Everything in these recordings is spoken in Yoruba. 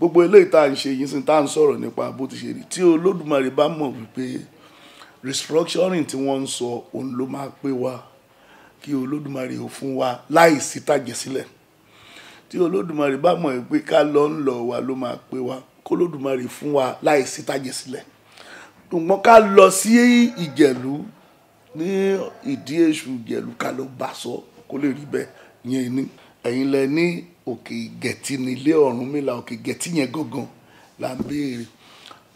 gbogbo eléyìí tá à ń ṣe yìí sí tá à ń sọ̀rọ̀ nípa bó ti ṣe rí tí olódùmarè bá mọ̀ wípé restructuring tí wọ́n ń sọ òun ló máa pé wa kí olódùmarè ò fún wa láì sí tàjẹ̀ sílẹ̀ tí olódùmarè bá mọ̀ pé ká lọ ń lọ wa ló máa pé wa kólódùmarè fún wa láì sí tàjẹ̀ sílẹ̀ ṣùgbọ́n ká lọ sí ìjẹ̀lú ní ìdí èṣù ìjẹ̀lú ká lọ bá sọ kó lè rí bẹ́ẹ̀ yẹn ni ẹ̀yin lẹ ní òkè gẹ̀tì ní ilé Ọ̀rúnmìlà òkè gẹ̀tì yẹn gangan là ń béèrè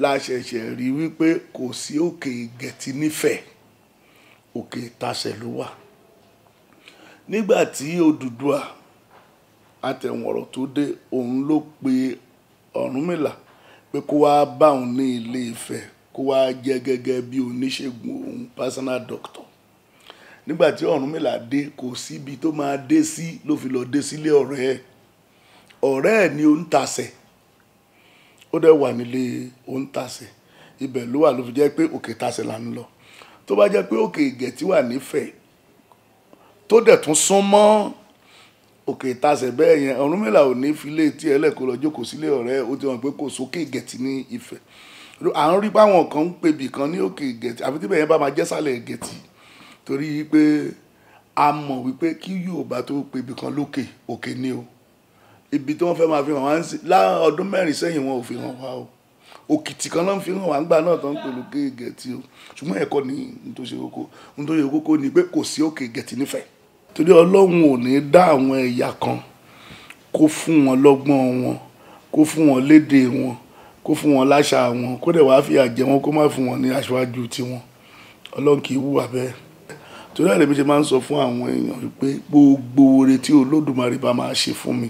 láṣẹ̀ṣẹ̀ rí wípé kò sí òkè gẹ̀tì nífẹ̀ẹ́ òkè tasẹ̀ ló wà nígbà tí Odùduwà àtẹ̀wọ̀rọ̀ tó dé òun ló pe Ọ̀rúnmìlà pé kó wá bá òun ní ilé Ifẹ̀ kó wá jẹ́ gẹ́gẹ́ bí oníṣègùn òun personal doctor nígbà tí Ọ̀rúnmìlà dé kò síbi tó máa dé sí ló fi lọ dé sílé ọ̀rẹ́ ẹ̀ ọ̀rẹ́ ẹ̀ ni ó ń tasẹ̀ ó dẹ̀ wà nílé ó ń tasẹ̀ ibẹ̀ ló wà ló fi jẹ́ pé òkè tasẹ̀ là ń lọ tó bá jẹ́ pé òkè ìgẹ̀tì wà nífẹ̀ẹ́ tó dẹ̀ tún sún mọ́ òkè tasẹ̀ bẹ́ẹ̀ yẹn Ọ̀rúnmìlà ò ní fi lé tí ẹlẹ́kọ̀ọ́ lọ jókòó sílé ọ̀rẹ́ ó ti hàn pé kò sókè ìgẹ̀tì ní Ifẹ̀ à ń rí báwọn kan ń pebì kan ní òkè ìgẹ̀tì àfi tí bẹ̀yẹn bá máa jẹ́ sálẹ̀ ìgẹ̀tì torí pé a mọ̀ wípé kí Yorùbá tó pebì kan lókè òkè ni o ibi tí wọ́n fẹ́ máa fi hàn wá ń sìn láwọn ọdún mẹ́rin sẹ́yìn wọn ò fi hàn wá o òkìtì kan náà fi hàn wá ńgbà náà tó ń pèlú òkè gẹ̀tì o ṣùgbọ́n ẹ̀kọ́ ni nítòsí kókó nítòsí kókó ni pé kò sí òkè gẹ̀tì nífẹ̀ẹ́ torí ọlọ́run ò ní dá àwọn ẹ̀yà kan kó fún wọn lọ́gbọ́n wọn kó fún wọn lédè wọn kó fún wọn láṣà wọn kó dẹ̀ wá fìyà jẹ wọn kó má fún wọn ní aṣáájú tiwọn ọlọ́run kì í wùwà bẹ́ẹ̀ torí àlẹ́ mi ṣe máa ń sọ fún àwọn èèyàn pé gbogbo oore tí olódùmarè bá máa ṣe fún mi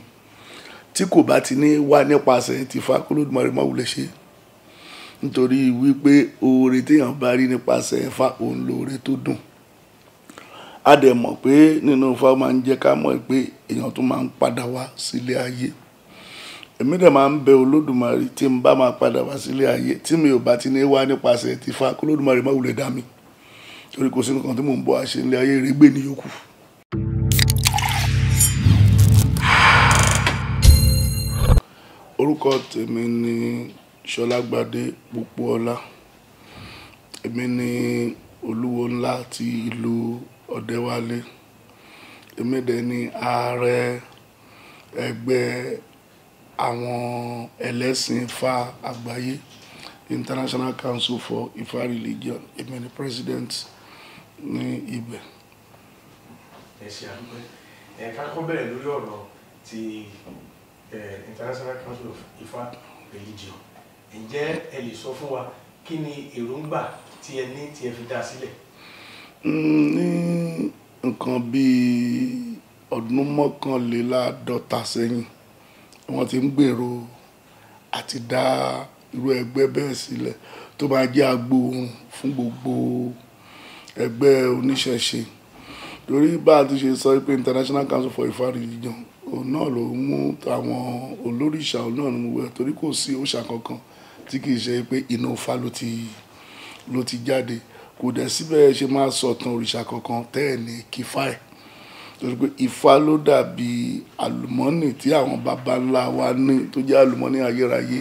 tí kò bá ti ní wá nípasẹ̀ ti fa kólódùmarè má wulẹ̀ ṣe nítorí wípé oore téèyàn bá rí nípasẹ̀ fa òun lóore tó dùn a dẹ̀ mọ̀ pé nínú Ifá máa ń jẹ́ ká mọ̀ pé èèyàn tún máa ń padà wá sílé ayé èmi dẹ̀ máa ń bẹ olódùmarè tí n bá máa padà wá sílé ayé tí mi ò bá ti ní wá nípasẹ̀ ti fa kólódùmarè má wulẹ̀ dá mi torí kò sí nǹkan tí mò ń bọ̀ àṣẹ nílé ayé rẹ̀ gbé níyókù. Orúkọ tèmi ni Ṣọlágbadé Pópóọlá. Èmi ni olúwo ńlá ti ìlú Ọ̀dẹ́wálé. Èmi dẹ̀ ni ààrẹ ẹgbẹ́ àwọn ẹlẹ́sìn Ifá àgbáyé, International Council for Ifa Religion. Èmi ni president ní ibẹ̀. Ẹ ṣe àdúpẹ́. Ẹ ká kọ́ bẹ̀rẹ̀ lórí ọ̀rọ̀ tí. Eh, International Council of Ifa Religion ǹjẹ́ ẹ lè sọ fún wa kí ni èròǹgbà tí ẹ ní tí ẹ fi dá sílẹ̀. Mm, ní nǹkan bíi ọdún mọ́kànléláàádọ́ta sẹ́yìn wọ́n ti ń gbèrò àti dá irú ẹgbẹ́ bẹ́ẹ̀ sílẹ̀ tó máa jẹ́ agbóhùn fún gbogbo ẹgbẹ́ oníṣẹ̀ṣe torí bá a ti ṣe sọ pé International Council for Ifa Religion òun náà ló mú àwọn olórìṣà òun náà mú wẹ̀ torí kò sí òòṣà kankan tí kì í ṣe pé iná Ifá ló ti ló ti jáde kò dẹ̀ síbẹ̀ ṣe máa sọ̀tàn òrìṣà kankan tẹ́ ẹ̀ ní kífà ẹ̀ torí pé Ifá ló dàbí àlùmọ́nì tí àwọn baba ńlá wa ní tó jẹ́ àlùmọ́nì ayérayé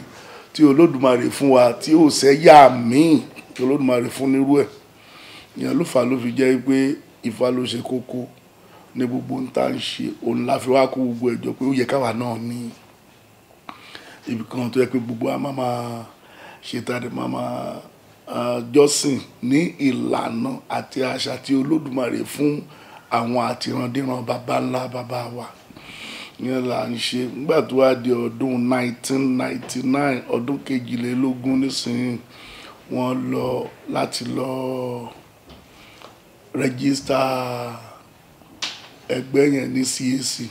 tí Olódùmarè fún wa tí ò sẹ́yà míì tí Olódùmarè fún nírú ẹ̀ ìyẹn ló fà ló fi jẹ́ pé Ifá ló ṣe kókó ní gbogbo ń tá ń ṣe òun la fi wá kó gbogbo ẹ̀jọ́ pé ó yẹ káwa náà ní ibi kan tó yẹ pé gbogbo a máa máa ṣe máa máa jọ́sìn ní ìlànà àti àṣà tí Olódùmarè fún àwọn àtìrandíran baba ńlá baba wa yẹn là ń ṣe nígbà tó wá di ọdún 1999 ọdún kejìlélógún nísìnyí wọ́n lọ láti lọ rẹ́gísítà. Register ẹgbẹ́ yẹn ní CAC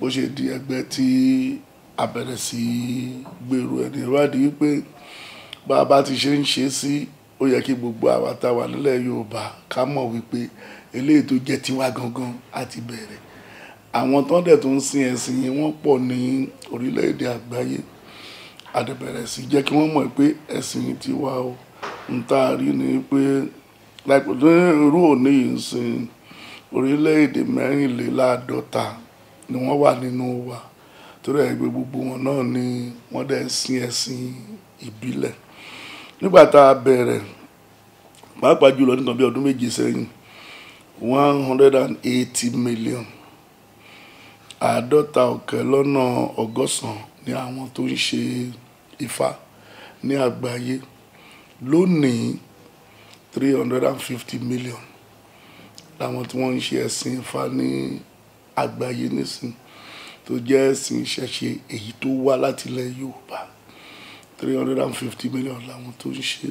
bó ṣe di ẹgbẹ́ tí a bẹ̀rẹ̀ sí gbèrú ẹni ìwádìí wípé bá a bá ti ṣe ń ṣe sí ó yẹ kí gbogbo àwa tá a wà nílẹ̀ Yorùbá ká mọ̀ wípé eléyìí tó jẹ́ tiwa gangan á ti bẹ̀rẹ̀ àwọn tó ń dẹ̀ tó ń sin ẹ̀sìn yìí wọ́n pọ̀ ní orílẹ̀-èdè àgbáyé àdẹ̀bẹ̀rẹ̀ sí jẹ́ kí wọ́n mọ̀ pé ẹ̀sìn tiwa o ń tá a rí ni pé láìpẹ́ lórí òní yìí ń sin orílẹ̀-èdè mẹ́rìnléláàádọ́ta ni wọ́n wà nínú wa torí ẹgbẹ́ gbogbo wọn náà ni wọ́n dẹ̀ ń sin ẹ̀sìn ìbílẹ̀ nígbà tá a bẹ̀rẹ̀ pàápàá jùlọ nǹkan bí ọdún méje sẹ́yìn one hundred and eighty million àádọ́ta ọ̀kẹ́ lọ́nà ọgọ́sàn-án ni àwọn tó ń ṣe ifá ní àgbáyé lónìí three hundred and fifty million láwọn tí wọ́n ń ṣe ẹ̀sìn Ifá ní àgbáyé nísìn tó jẹ́ ẹ̀sìn ìṣẹ̀ṣe èyí tó wá láti ilẹ̀ Yorùbá three hundred and fifty million làwọn tó ń ṣe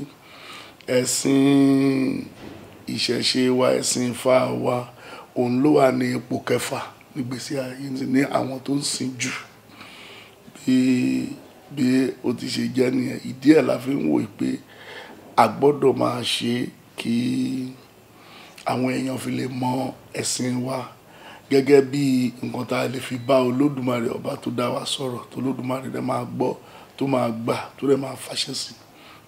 ẹ̀sìn ìṣẹ̀ṣe wa ẹ̀sìn Ifá wa òun ló wà ní ipò kẹfà nígbèsí ayé ní àwọn tó ń sìn jù bíi bí o ti ṣe jẹ́ nìyẹn ìdí ẹ̀ la fi ń wò pé a gbọ́dọ̀ máa ṣe kí. Ki àwọn èèyàn fi lè mọ ẹ̀sìn wa gẹ́gẹ́ bí nǹkan tá a lè fi bá olódùmarè ọba tó dá wa sọ̀rọ̀ tó olódùmarè rẹ̀ máa gbọ́ tó máa gbà tó rẹ̀ máa fàṣẹ sí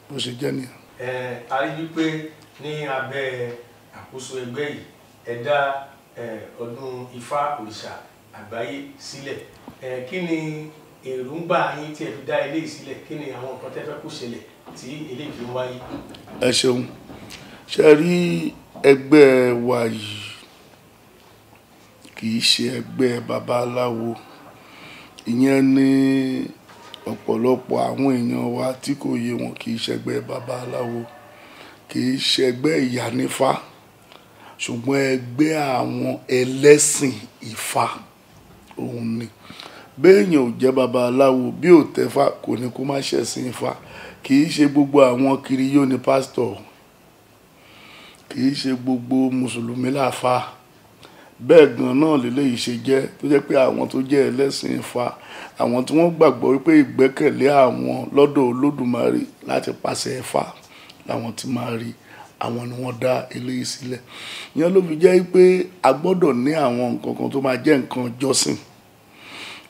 bó ṣe jẹ́ nìyẹn. ẹ a rí i pé ní abẹ́ àkóso ẹgbẹ́ yìí ẹ dá ọdún ifá òrìṣà àgbáyé sílẹ̀ kí ni èròǹgbà yín tí ẹ fi dá eléyìí sílẹ̀ kí ni àwọn nǹkan tẹ́ fẹ́ kó ṣẹlẹ̀ tí eléyìí fi ń wáyé. ẹ ṣeun ṣe rí ẹgbẹ́ wa yìí kì í ṣe ẹgbẹ́ babaláwo ìyẹn ni ọ̀pọ̀lọpọ̀ àwọn èèyàn wa tí kò yé wọn kì í ṣẹgbẹ́ babaláwo kì í ṣẹgbẹ́ ìyánífá ṣùgbọ́n ẹgbẹ́ àwọn ẹlẹ́sìn Ifá òun ni béèyàn ò jẹ́ babaláwo bí ò tẹ́fá kò ní kó má ṣẹ̀sìn Ifá kì í ṣe gbogbo àwọn kiriyó ni pásítọ̀ kì í ṣe gbogbo mùsùlùmí láfa bẹ́ẹ̀ gan náà lélẹ́yìí ṣe jẹ́ tó jẹ́ pé àwọn tó jẹ́ ẹlẹ́sìn Ifá àwọn tí wọ́n gbàgbọ́ wípé ìgbẹ́kẹ̀lé àwọn lọ́dọ̀ Olódùmarè láti pàṣẹ Ifá làwọn ti máa rí àwọn ni wọ́n dá eléyìí sílẹ̀ ìyẹn ló fi jẹ́ pé a gbọ́dọ̀ ní àwọn nǹkan kan tó máa jẹ́ nǹkan jọ́sìn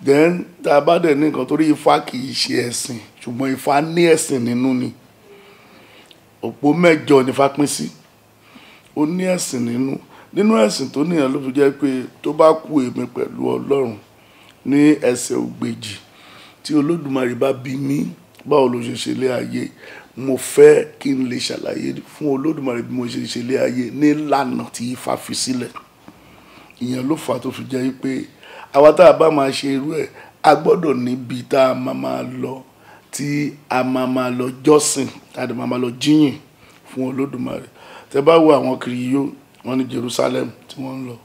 then tá a bá dẹ̀ ní nǹkan torí Ifá kì í ṣe ẹ̀sìn ṣùgbọ́n Ifá ní ẹ̀sìn nínú ni òpó mẹ́jọ ni Ifá pín sí. Si ó ní ẹ̀sìn nínú nínú ẹ̀sìn tó nìyẹn ló fi jẹ́ pé tó bá kú èmi pẹ̀lú ọlọ́run ní ẹsẹ̀ ògbèjì tí olódùmarè bá bí mi báwo ló ṣe ṣe lé ayé mo fẹ́ kí n lè ṣàlàyé fún olódùmarè bí mo ṣe ṣe lé ayé nílànà tí ifá fi sílẹ̀ ìyẹn ló fà tó fi jẹ́ pé àwa tá a bá máa ṣe irú ẹ̀ a gbọ́dọ̀ níbi tá a máa máa lọ tí a máa máa lọ jọ́sìn tá a máa máa lọ jíyìn fún olódùmarè tẹ bá wo àwọn kiriyó wọn ní Jerusalem tí wọn ń lọ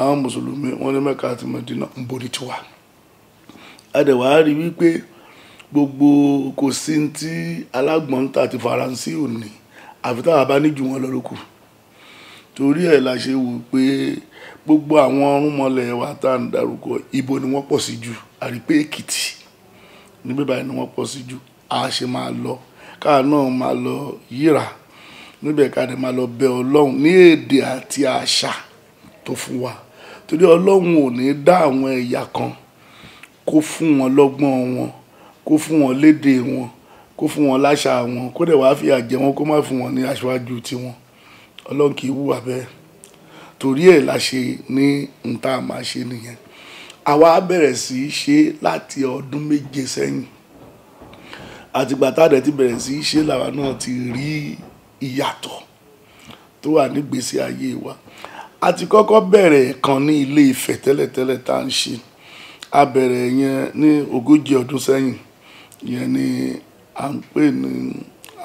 àwọn mùsùlùmí wọn ní Mẹ́kà àti Mẹdínà ń borí tiwa adẹ̀wà rí wípé gbogbo kò sí ti alágbọ̀ntà ti Faransé òní àfi táwa bá níjù wọn lọ́lọ́kù torí ẹ̀ la ṣe wò pé gbogbo àwọn ọrùnmọlẹ̀ wa tá à ń darúkọ ibo ni wọ́n pọ̀ sí jù àrí pé Èkìtì níbí báyìí ni wọ́n pọ̀ sí jù a ṣe máa lọ káà náà máa lọ yíra níbẹ̀ ká lè máa lọ bẹ ọlọ́run ní èdè àti àṣà tó fún wa torí ọlọ́run ò ní dá àwọn ẹ̀yà kan kó fún wọn lọ́gbọ́n wọn kó fún wọn lédè wọn kó fún wọn láṣà wọn kó dẹ̀ wáá fìyà jẹ wọn kó má fún wọn ní aṣáájú tiwọn ọlọ́run kì í wù wá torí ẹ̀ la ṣe ní nta máa ṣe nìyẹn àwa bẹ̀rẹ̀ sí í ṣe láti ọdún méje sẹ́yìn àtìgbà tá a dẹ̀ ti bẹ̀rẹ̀ sí í ṣe làwa náà ti rí i ìyàtọ̀ tó wà nígbésí ayé wa a ti kọ́kọ́ bẹ̀rẹ̀ kan ní ilé Ifẹ̀ tẹ́lẹ̀tẹ́lẹ̀ tá à ń ṣe a bẹ̀rẹ̀ yẹn ní ogójì ọdún sẹ́yìn yẹn ni à ń pè ní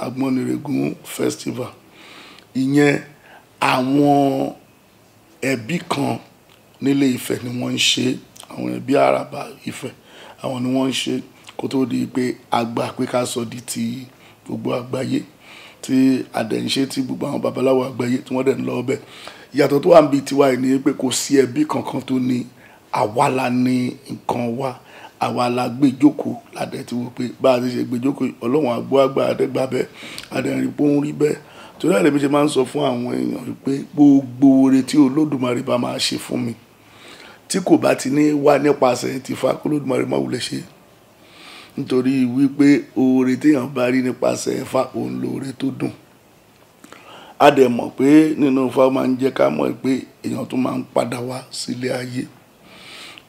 agbọ́nirègún festival ìyẹn àwọn ẹbí kan nílé Ifẹ̀ ni wọ́n ń ṣe àwọn ẹbí àràbà Ifẹ̀ àwọn ni wọ́n ń ṣe kó tó di pé a gbà pé ká sọ di ti gbogbo àgbáyé ti adẹ̀ǹṣe ti gbogbo àwọn babaláwo àgbáyé tí wọ́n dẹ̀ ń lọ ọbẹ̀ ìyàtọ̀ tó wà ń bi tiwa yìí ni pé kò sí ẹbí kankan tó ní àwa ní nǹkan wa àwa la gbé jókòó ládẹ tí wọ́n pé bá a ti ṣe gbé jókòó ọlọ́run àgbo àgbà àdẹ́gbà bẹ́ẹ̀ adẹ̀rìn pó ń rí bẹ́ẹ̀ torí àlẹ́bí ṣe máa ń sọ fún àwọn èèyàn pé gbogbo oore tí olódùmarè bá máa ṣe fún mi tí kò bá ti ní wá nípasẹ̀ tìfa kó olódùmarè máa wulẹ̀ ṣe nítorí wípé oore téèyàn bá rí nípasẹ̀ Ifá òun lóore tó dùn a dẹ̀ mọ̀ pé nínú Ifá máa ń jẹ́ ká mọ̀ pé èèyàn tún máa ń padà wá sílé ayé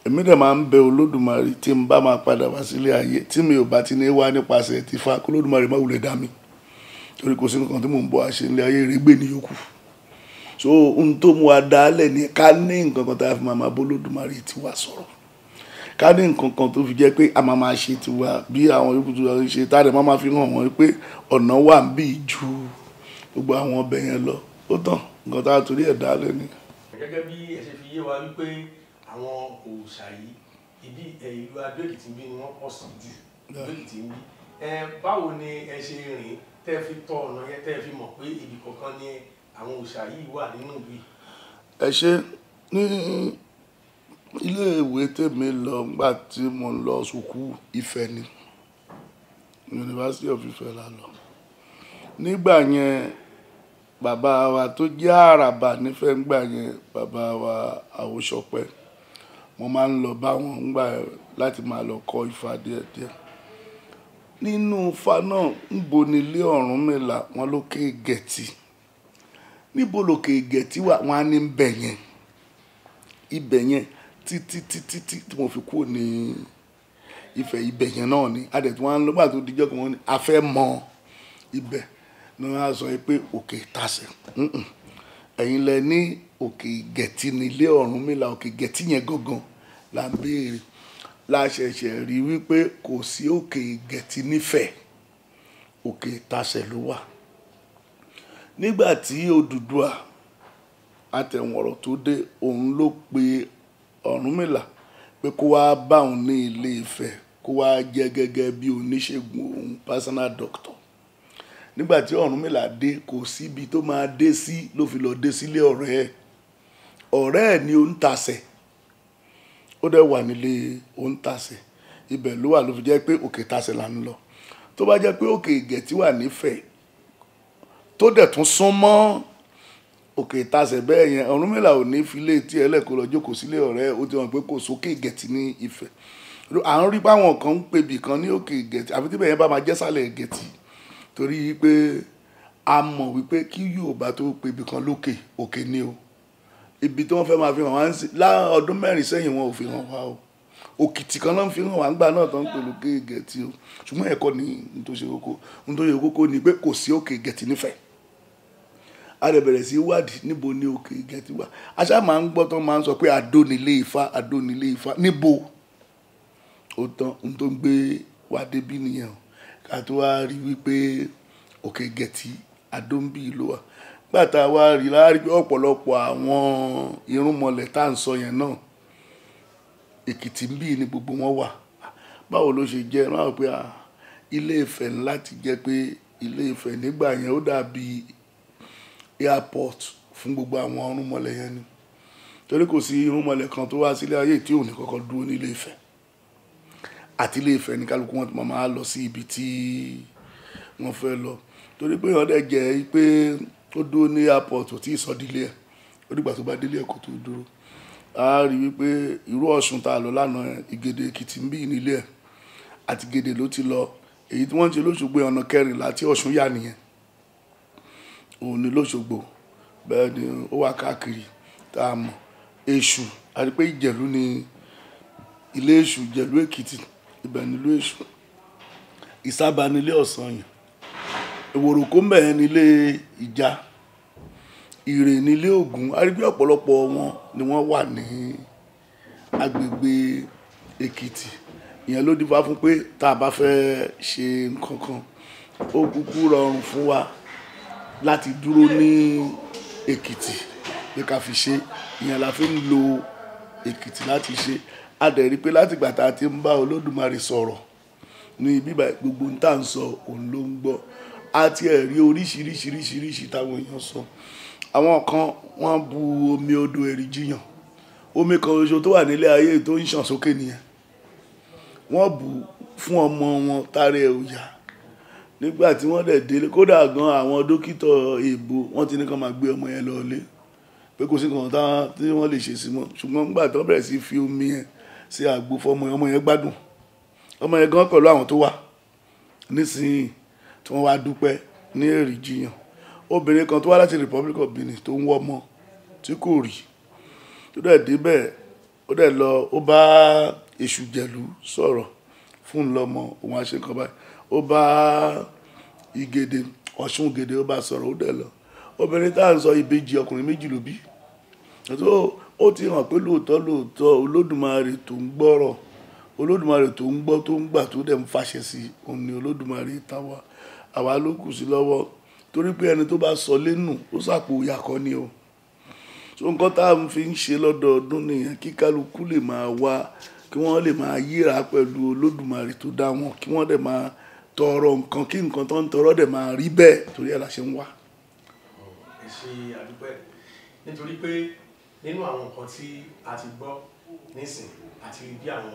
èmi dẹ̀ máa ń bẹ olódùmarè tí n bá máa padà wá sílé ayé tí mi ò bá ti ní wá nípasẹ̀ ti Ifá kó olódùmarè má wulẹ̀ dá mi torí kò sí nǹkan tí mò ń bọ̀ àṣẹ ilé ayé rẹ̀ yòókù so ohun tó mú wa dálẹ̀ ni ká ní nǹkan kan tá a fi máa máa olódùmarè ti wá sọ̀rọ̀ ká ní nǹkan kan tó fi jẹ́ pé a máa máa ṣe tiwa bí àwọn yòókù tó ń ṣe tá a dẹ̀ máa máa fi hàn wọ́n pé ọ̀nà wà ń bì ju gbogbo àwọn ọbẹ̀ yẹn lọ ó tàn nǹkan tá a torí ẹ̀ dá lẹ́nu. gẹ́gẹ́ bí ẹ ṣe fi yé wa wípé àwọn òòṣà yìí ibi ìlú adó-èkìtì bí wọ́n pọ̀ sí jù adó-èkìtì ń bí báwo ni ẹ ṣe rìn tẹ́ fi tọ ọ̀nà yẹn tẹ́ fi mọ̀ pé ibì kọ̀ọ̀kan ni àwọn òòṣà yìí wà nínú ìlú ilé ìwé tèmi lọ nígbà tí mo lọ sùkú Ifẹ̀ ni University of Ifẹ̀ la lọ nígbà yẹn bàbá wa tó jẹ́ àràbà nífẹ̀ ńgbà yẹn bàbá wa Àwòṣọpẹ́ mo máa ń lọ bá wọn ńgbà láti máa lọ kọ́ Ifá díẹ̀díẹ̀ nínú Ifá náà ńbo ni ilé Ọ̀rúnmìlà wọn lókè gẹ̀tì níbo lókè gẹ̀tì wà wọn á ní bẹ̀ yẹn ibẹ̀ yẹn títí títí tí mo fi kúrò ní ìfẹ́ ibẹ̀ yẹn náà ni a dẹ̀ tí wọ́n á lọ́gbà tó dijọ́ kan wọ́n ní a fẹ́ mọ ibẹ̀ ni wọ́n á sọ pé òkè tasẹ̀ ẹ̀yin lẹ ní òkè gẹ̀tì ní ilé Ọ̀rúnmìlà òkè gẹ̀tì yẹn gangan la ń béèrè la ṣẹ̀ṣẹ̀ rí wípé kò sí òkè gẹ̀tì nífẹ̀ẹ́ òkè tasẹ̀ ló wà nígbà tí Odùduwà àtẹ̀wọ̀rọ̀ tó dé òun ló pe ọ̀rúnmìlà pé kó wá bá òun ní ilé Ifẹ̀ kó wá jẹ́ gẹ́gẹ́ bí oníṣègùn òun personal doctor nígbà tí ọ̀rúnmìlà dé kò síbi tó máa dé sí ló fi lọ dé sílé ọ̀rẹ́ ẹ̀ ọ̀rẹ́ ẹ̀ ni ó ń tasẹ̀ ó dẹ̀ wà nílé ó ń tasẹ̀ ibẹ̀ ló wà ló fi jẹ́ pé òkè tasẹ̀ là ń lọ tó bá jẹ́ pé òkè ìgẹ̀tì wà nífẹ̀ẹ́ tó dẹ̀ tún sún mọ́ òkè ìtasẹ̀ bẹ́ẹ̀ yẹn Ọ̀rúnmìlà ò ní filé tí ẹlẹ́kọ̀ọ́ lọ jókòó sílé ọ̀rẹ́ ó ti hàn pé kò sókè ìgẹ̀tì ní Ifẹ̀ à ń rí báwọn kan ń pebì kan ní òkè ìgẹ̀tì àfi tí bẹ́ẹ̀ yẹn bá máa jẹ́ sálẹ̀ ìgẹ̀tì torí pé a mọ̀ wípé kí Yorùbá tó pebì kan lókè òkè ni o ibi tí wọ́n fẹ́ máa fi hàn wá ń láwọn ọdún mẹ́rin sẹ́yìn wọn ò fi hàn wá o òkìtì kan ló ń fi hàn wá ńgbà náà tó ń pè lókè ìgẹ̀tì o ṣùgbọ́n ẹ̀kọ́ ni ntòṣe kókó ntòṣe kókó ni pé kò sí òkè ìgẹ̀tì nífẹ̀ẹ́ a lè bẹ̀rẹ̀ sí wádìí níbo ni òkè ìgẹ̀ ti wá aṣá máa ń gbọ́ tán máa ń sọ pé adónilé ifá adónilé ifá níbo ó tán n tó ń gbé wá débí nìyẹn o ká tó wá rí wípé òkè ìgẹ̀ ti adóńbí ló wà gbàtà wá rí láàárín pé ọ̀pọ̀lọpọ̀ àwọn irúnmọlẹ̀ tá à ń sọ yẹn náà èkìtì ń bí ni gbogbo wọn wà báwo ló ṣe jẹ́ ẹ̀rọ pé ah, Ilé Ifẹ̀ ńlá ti jẹ́ pé Ilé Ifẹ̀ nígbà yẹn ó dàbí airport fún gbogbo àwọn irúnmọlẹ̀ yẹn ni torí kò sí irúnmọlẹ̀ kan tó wá sílé ayé tí ò ní kọ́kọ́ dúró ní ilé Ifẹ̀ àti ilé Ifẹ̀ ní kálukú wọn ti máa lọ sí ibi tí wọ́n fẹ́ lọ torí pé ìrọ̀lẹ́ jẹ́ pé ó dúró ní airport ò tí ì sọ délé ẹ̀ ó dìgbà tó bá délé ẹ̀ kó tó dúró a rí wípé irú Ọ̀ṣun tá a lọ lánàá Ìgèdè Èkìtì ń bí nílé ẹ̀ àti Gèdè ló ti lọ èyí tí wọ́n ń ṣe lóṣùgbọ́n ọ̀nà kẹrìnlá tí Ọ̀ṣun yà nìyẹn òun ni lọ́sọ̀gbọ̀ bẹ́ẹ̀ ni ó wà káàkiri tá a mọ̀ èṣù àti pé ìjẹ̀lú ni ilé èṣù ìjẹ̀lú èkìtì ibẹ̀ nílùú èṣù ìsábà nílé ọ̀sán yẹn ìwòròkó mẹ́ẹ̀ nílé ìjà ìrè nílé ògùn arígbé ọ̀pọ̀lọpọ̀ wọn ni wọ́n wà ní agbègbè èkìtì ìyẹn ló dífá fún pé tá a bá fẹ́ ṣe nǹkan kan ó kúkú rọrùn fún wa láti dúró ní èkìtì pé ká fi ṣe ìyẹn la fi ń lo èkìtì láti ṣe a dẹ̀ rí i pé látìgbà tá a ti ń bá olódùmarè sọ̀rọ̀ ní bíbá gbogbo ń tà ń sọ òun ló ń gbọ́ a ti ẹ̀ rí oríṣiríṣiríṣiríṣi táwọn èèyàn sọ àwọn kan wọ́n bu omi odò Èrìjìyàn omi kan oṣù tó wà nílé ayé tó ń ṣàn sókè nìyẹn wọ́n bù fún ọmọ wọn tààrẹ òyà nígbà tí wọ́n dẹ̀ délé kódà gan àwọn dókítà èèbó wọ́n ti ní kàn máa gbé ọmọ yẹn lọ́ọ́lé pé kò sí kan táwọn tí wọ́n lè ṣe sí mọ́ ṣùgbọ́n nígbà tó bẹ̀rẹ̀ sí fi omi yẹn sí àgbo fọmọ yẹn ọmọ yẹn gbádùn ọmọ yẹn gan pẹ̀lú àwọn tó wà nísìnyí tí wọ́n wá dúpẹ́ ní èrì jiyàn obìnrin kan tó wá láti Republic of Benin tó ń wọ́ ọmọ tí kò rí tó dẹ̀ débẹ̀ ó dẹ̀ lọ ó bá èṣù jẹ̀lú sọ̀rọ̀ fún un lọ́mọ òun àṣẹ kan báyìí ó bá ìgèdè ọ̀ṣun gèdè ó bá sọ̀rọ̀ ó dẹ̀ lọ obìnrin tá à ń sọ ìbejì ọkùnrin méjì ló bí ó ti hàn pé lóòótọ́ lóòótọ́ olódùmarè tó ń gbọ́rọ̀ olódùmarè tó ń gbọ́ tó ń gbà tó dẹ̀ ń fàṣẹ sí òun ni olódùmarè táwa àwa ló kù sí lọ́wọ́ torí pé ẹni tó bá sọ lẹ́nu ó sàpò ìyàkọ́ ni o so nǹkan tá à ń fi ń ṣe lọ́dọọdún nìyẹn kí lè máa wá kí wọ́n lè máa yíra pẹ̀lú olódùmarè tó dá wọn kí wọ́n dẹ̀ máa tọrọ nǹkan kí nǹkan tó ń tọrọ dẹ̀ máa rí bẹ́ẹ̀ torí ẹ̀ la ṣe ń wá. ẹ ṣe àdúpẹ́ nítorí pé nínú àwọn nǹkan tí a ti gbọ́ nísìn àti bí àwọn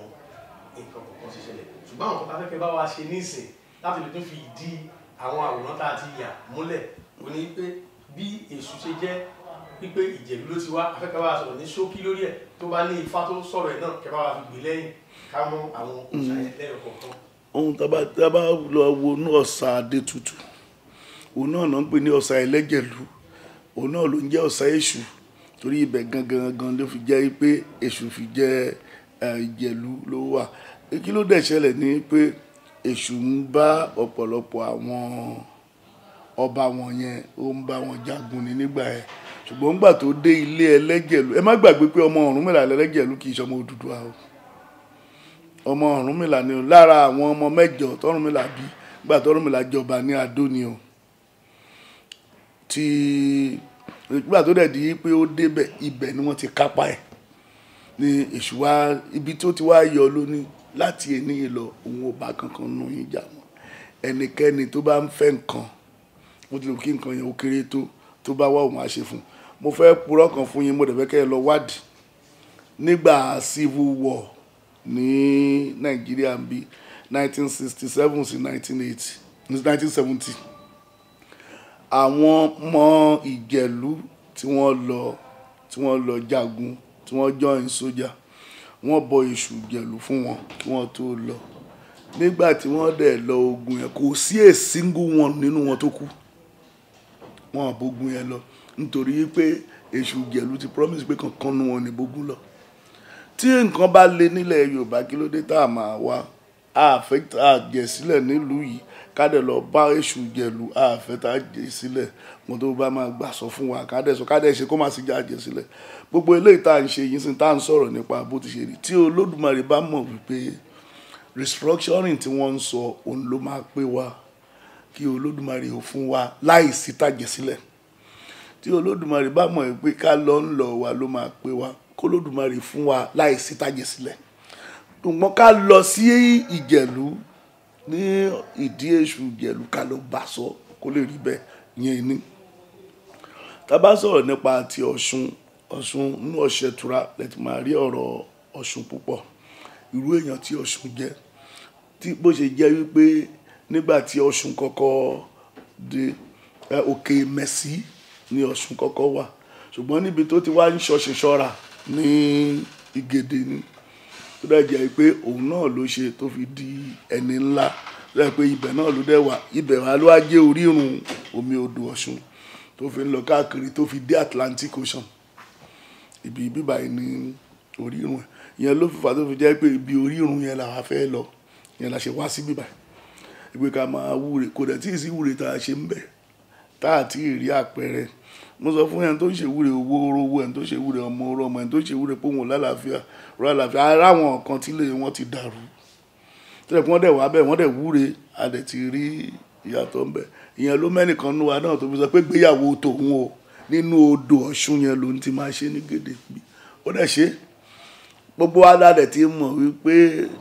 nǹkan kọ̀ọ̀kan ṣe ṣẹlẹ̀ ṣùgbọ́n àwọn nǹkan tá a fẹ́ bá wa ṣe nísìn láti lè tún fi ìdí àwọn àwòrán tá a ti yà múlẹ̀ òní pé bí èṣù ṣe jẹ́ pípé ìjẹ̀bú ló ti wá afẹ́kẹ́ bá sọ̀rọ̀ ní ṣókí lórí ẹ̀ tó bá ní ifá tó sọ̀rọ̀ ẹ̀ náà kẹ́ bá wa fi gbé lẹ́yìn ká mú àwọn òṣà yẹn lẹ́yìn kọ̀ọ̀kan. ohun tá a bá lọ wo inú ọ̀sà Adétutù òun náà ló ń pè ní ọ̀sà ẹlẹ́jẹ̀lú òun náà ló ń jẹ́ ọ̀sà èṣù torí ibẹ̀ gangan gan ló fi jẹ́ pé èṣù fi jẹ́ ìjẹ̀lú ló wà kí ló dẹ̀ ṣẹlẹ̀ ní pé èṣù ń bá ọ̀pọ̀lọpọ̀ àwọn ọba wọn yẹn ó ń bá wọn jagun ní nígbà yẹn ṣùgbọ́n ńgbà tó dé ilé ẹlẹ́jẹ̀lú ẹ má gbàgbé pé ọmọ Ọ̀rúnmìlà lẹ́lẹ́jẹ̀lú kì í ṣọmọ Odùduwà o ọmọ Ọ̀rúnmìlà ni o lára àwọn ọmọ mẹ́jọ tọ́rúnmìlà bí gbà tọ́rúnmìlà jọba ní adó ni o ti gbà tó dẹ̀ di pé ó débẹ̀ ibẹ̀ ni wọ́n ti kápá ẹ̀ ní èṣù wa ibi tó ti wá yọ lónìí láti ẹni yìí lọ òun ò bá kankan nù yín jà mọ́ ẹnikẹ́ni tó bá ń fẹ́ nǹkan ó ti lò kí nǹkan yẹn ó kéré tó tó bá wà òun á ṣe fún un mo fẹ́ purọ́ kan fún yín mo dẹ̀ fẹ́ kẹ́ ẹ lọ wádìí nígbà civil war ní nàìjíríà ń bí 1967 sí 1980 1970 àwọn ọmọ ìjẹ̀lú tí wọ́n lọ tí wọ́n lọ jagun tí wọ́n join sójà wọ́n bọ èṣù jẹ̀lú fún wọn kí wọ́n tó lọ nígbà tí wọ́n dẹ̀ lọ ogun yẹn kò sí a single one nínú wọn tó kú wọn àbógun yẹn lọ nítorí pé èṣù jẹ̀lú ti promise pé kankan nu wọn ni bógún lọ tí nǹkan bá le nílẹ̀ yorùbá kí tá a máa wá àfẹ́tà àjẹsílẹ̀ nílùú yìí kádẹ̀ lọ bá èṣù jẹ̀lú àfẹ́tà àjẹsílẹ̀ mo tó bá máa gbà sọ fún wa kádẹ̀ sọ kádẹ̀ ṣe kó má sì jẹ́ àjẹsílẹ̀ gbogbo eléyìí tá à ń ṣe yìí sí tá ń sọ̀rọ̀ nípa bó ti ṣe rí tí olódùmarè bá mọ̀ wípé restructuring tí wọ́n ń sọ òun ló máa pé wa kí olódùmarè ò fún wa láì sí tàjẹsílẹ̀ tí olódùmarè bá mọ̀ pé ká lọ ń lọ wa ló máa pé wa kó olódùmarè fún wa láì sí tájẹ sílẹ̀ ṣùgbọ́n ká lọ sí ìjẹ̀lú ní ìdí èṣù ìjẹ̀lú ká lọ bá sọ kó lè rí bẹ́ẹ̀ yẹn ni tá sọ̀rọ̀ nípa ti ọ̀ṣun ọ̀ṣun nínú ọ̀ṣẹ̀ tura lẹ́tí máa rí ọ̀rọ̀ ọ̀ṣun púpọ̀ irú èèyàn tí ọ̀ṣun jẹ́ tí bó ṣe jẹ́ wípé nígbà tí ọ̀ṣun kọ́kọ́ dé òkè mẹ́sì Ni Ọ̀ṣun kọ́kọ́ wà ṣùgbọ́n níbi tó ti wá ń ṣọṣe ṣọ́ra ní Ìgèdè ni tó dẹ̀ jẹ́ pé òun náà ló ṣe tó fi di ẹni ńlá tó dẹ̀ pé ibẹ̀ náà ló dẹ̀ wà ibẹ̀ wà ló wá jẹ́ orírun omi odò Ọ̀ṣun tó fi ń lọ káàkiri tó fi dé Atlantic Ocean ibi bíbá yìí ni orírun ẹ̀ ìyẹn ló fìfà tó fi jẹ́ pé ibi orírun yẹn làwa fẹ́ lọ ìyẹn la ṣe wá sí bíbá ìgbé ká máa wúre kò dẹ̀ tí ì sí wúre tá a ṣe ń bẹ̀ẹ́ tá a ti rí àpẹẹrẹ mo sọ fún ẹni tó ń ṣèwúre owó orówó ẹni tó ń ṣèwúre ọmọ oró ọmọ ẹni tó ń ṣèwúre póhùn lálàáfíà rọ àlàáfíà ara àwọn kan tí ilé wọn ti dàrú tẹ́lẹ̀ wọ́n dẹ̀ wá bẹ́ẹ̀ wọ́n dẹ̀ wúre a dẹ̀ ti rí ìyàtọ̀ ńbẹ ìyẹn ló mẹ́nìkan nú wa náà tó fi sọ pé gbéyàwó tòun o nínú odò ọ̀ṣun yẹn ló ń ti máa ṣe ní gèdè pé ó dẹ̀ ṣe gbogbo aládẹ̀ ti mọ̀ wípé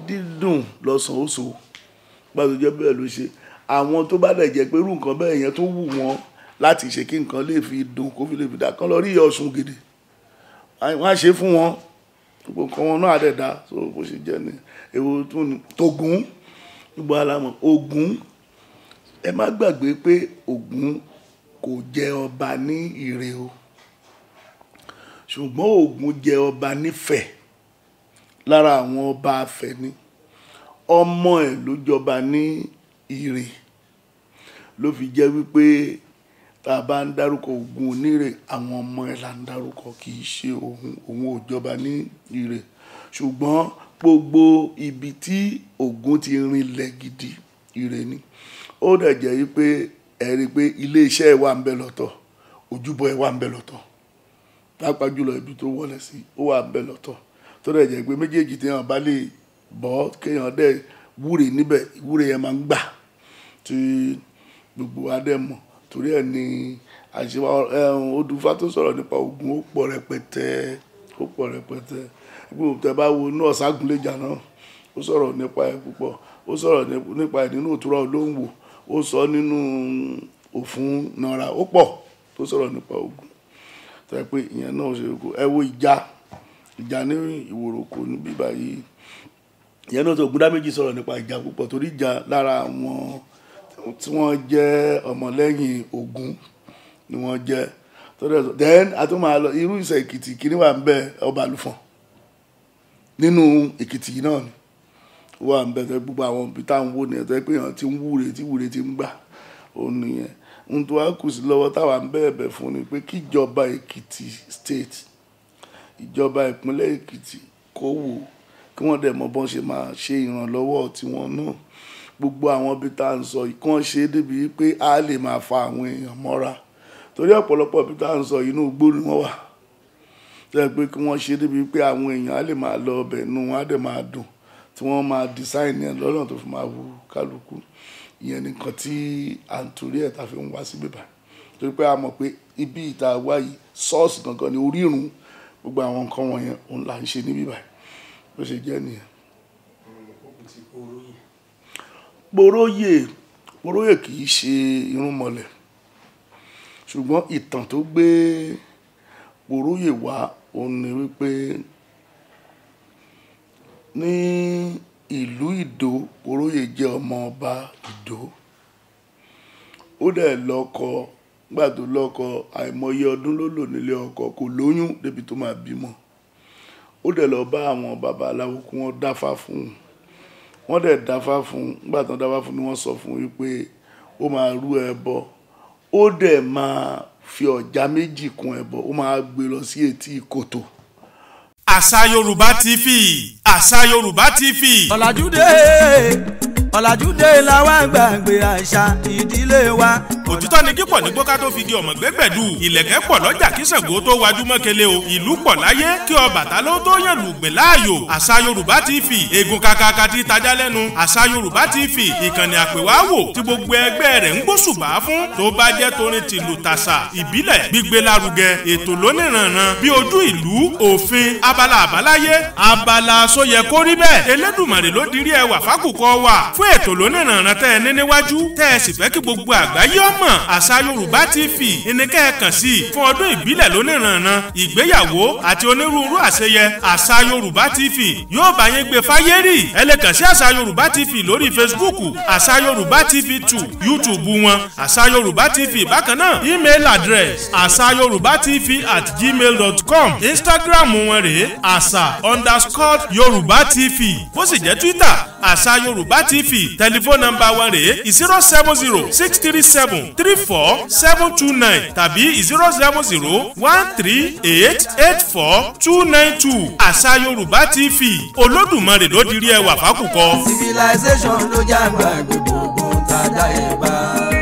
dídùn lọ́sàn ó so gbàdúgbò bẹ́ẹ̀ ló ṣe àwọn tó bá dẹ̀ jẹ́ pé irú nǹkan bẹ́ẹ̀ yẹn tó wù wọ́n láti ṣe kí nǹkan lè fi dùn kó fi lè fi dà kán lọ rí Ọ̀ṣun gidi wọ́n á ṣe fún wọn gbogbo nǹkan wọn náà àdẹ̀dá so bó ṣe jẹ́ ni èwo tún ni tògún gbogbo alamọ̀ Ògún ẹ má gbàgbé pé Ògún kò jẹ ọba ní Ìrè o ṣùgbọ́n Ògún jẹ ọba nífẹ̀ lára àwọn ọba afẹ̀ ni ọmọ ẹ̀ ló jọba ní Ìrè ló fi jẹ́ wípé tá a bá ń dárúkọ Ògún onírè àwọn ọmọ ẹ̀ là ń dárúkọ kì í ṣe òun òun ò ní ìrè ṣùgbọ́n gbogbo ibi tí Ògún ti rinlẹ̀ gidi ìrè ni ó dẹ̀ jẹ́ wípé ẹ rí i pé ilé iṣẹ́ ẹ̀ wà ń bẹ lọ́tọ̀ ojúbọ ẹ̀ wà ń bẹ lọ́tọ̀ pàápàá jùlọ ibi tó wọlé sí ó wà ń bẹ lọ́tọ̀ tó dẹ̀ jẹ́ pé méjèèjì téèyàn bá lè bọ́ kéèyàn dẹ̀ wúre níbẹ̀ ìwúre yẹn máa ń gbà tí gbogbo adẹ́ mọ̀ torí ẹ̀ ni àṣewà odùfà tó sọ̀rọ̀ nípa ogun ó pọ̀ rẹpẹtẹ ó pọ̀ rẹpẹtẹ gbogbo tẹ bá wo inú ọ̀ságunléjà náà ó sọ̀rọ̀ nípa ẹ̀ púpọ̀ ó sọ̀rọ̀ nípa ẹ̀ nínú òtúrọ̀ olóńgbò ó sọ nínú òfun nara ó pọ̀ tó sọ̀rọ̀ nípa ogun tẹ pé ìyẹn náà ṣe kó ẹ wo ìjà ìjà ní ìwòròkó níbí báyìí ìyẹn náà tó Ògúndáméjì sọ̀rọ̀ nípa ìjà púpọ̀ torí ìjà lára àwọn tí wọ́n jẹ́ ọmọlẹ́yìn Ògún ni wọ́n jẹ́ then a tún máa lọ irú ìṣe Èkìtì kìíní wà ń bẹ ọba àlùfọ̀n nínú Èkìtì yìí náà ni wà ń bẹ tẹ gbogbo àwọn òbí tá à ń wò tẹ pé èèyàn ti ń wúre tí wúre ti ń gbà òun nìyẹn ohun tó wá kù sí lọ́wọ́ táwa ń bẹ̀ẹ̀bẹ̀ fún ni pé kíjọba Èkìtì state ìjọba ìpínlẹ̀ Èkìtì kó wò kí wọ́n dẹ̀ mọ bọ́n ṣe máa ṣe ìrànlọ́wọ́ tiwọn náà gbogbo àwọn ibi tá à ń sọ ìkan ṣe débi pé a lè máa fa àwọn èèyàn mọ́ra torí ọ̀pọ̀lọpọ̀ ibi tá à ń sọ inú igbó ni wọ́n wà tẹ́ pé kí wọ́n ṣe débi pé àwọn èèyàn á lè máa lọ ọbẹ̀ nu wọn á dẹ̀ máa dùn tí wọ́n máa dísáìnì ẹ̀ lọ́nà tó fi máa wu kálukú ìyẹn nìkan tí à ń torí ẹ̀ tá a fi ń wá sí bíbá torí pé a mọ̀ pé ibi ìta wá yìí sọ́ọ̀sì gangan ni orírun gbogbo àwọn nǹkan wọ̀nyẹn òun là ń ṣe ní bíbá bó ṣe jẹ́ nìyẹn poróyè poróyè kì í ṣe irúnmọlẹ̀ ṣùgbọ́n ìtàn tó gbé poróyè wá òun ni wípé ní ìlú ìdó poróyè jẹ́ ọmọ ọba ìdó ó dẹ̀ lọ́kọ nígbà tó lọ́kọ àìmọye ọdún ló lò nílé ọkọ kò lóyún débi tó máa bímọ ó dẹ̀ lọ bá àwọn babaláwo kí wọ́n dáfá fún un wọ́n dẹ̀ dáfá fún un nígbà tó dáfá fún ni wọ́n sọ fún wípé ó máa rú ẹbọ ó dẹ̀ máa fi ọ̀já méjì kún ẹbọ ó máa gbé lọ sí etí kòtò. àṣà yorùbá TV àṣà yorùbá TV. ọ̀làjú dé ọ̀làjú dé la wá gbàgbé àṣà ìdílé wa. òtítọ́ ni kíkọ̀ ní gbóká tó fi di ọmọ gbẹ́gbẹ̀dù ìlẹ̀kẹ̀ pọ̀ lọ́jà kí Ṣàngó tó wájú mọ́kẹ́lẹ́ o ìlú pọ̀ láyé kí Ọbàtálá tó yàn lùgbìn láàyò àṣà Yorùbá TV egun kakaka ti tajà lẹ́nu àṣà Yorùbá TV ìkànnì àpèwáwò tí gbogbo ẹgbẹ́ rẹ̀ ń gbóṣùbà fún tó bá jẹ́ torin tìlù tàṣà ìbílẹ̀ gbígbé lárugẹ ètò lóníranran bí ojú ìlú òfin abala àbáláyé abala sóyẹ kórìbẹ̀ Elédùmarè ló dirí ẹwà fákùkọ wà f fún ètò lónìrànràn tẹ́ ẹ ní níwájú tẹ́ ẹ sì fẹ́ kí gbogbo àgbáyé ọmọ àṣà Yorùbá TV ìníkẹ́ ẹ kàn sí fún ọdún ìbílẹ̀ lónìrànràn ìgbéyàwó àti onírúurú àṣeyẹ àṣà Yorùbá TV yóò bá yín gbé fáyé rì ẹ àṣà Yorùbá TV lórí Facebook àṣà Yorùbá TV two YouTube wọn àṣà Yorùbá TV bákan náà email address àṣà Yorùbá TV at gmail dot com Instagram wọn rèé àṣà underscore Yorùbá TV bó sì jẹ́ Twitter àṣà yorùbá tv tẹlifóònù nọ́mbà wa rèé zero seven zero six three seven three four seven two nine tàbí zero seven zero one three eight eight four two nine two àṣà yorùbá tv olódùmarè ló dirí ẹwà fákùkọ. civilization ló jágbá gbogbo ogun tá a bá.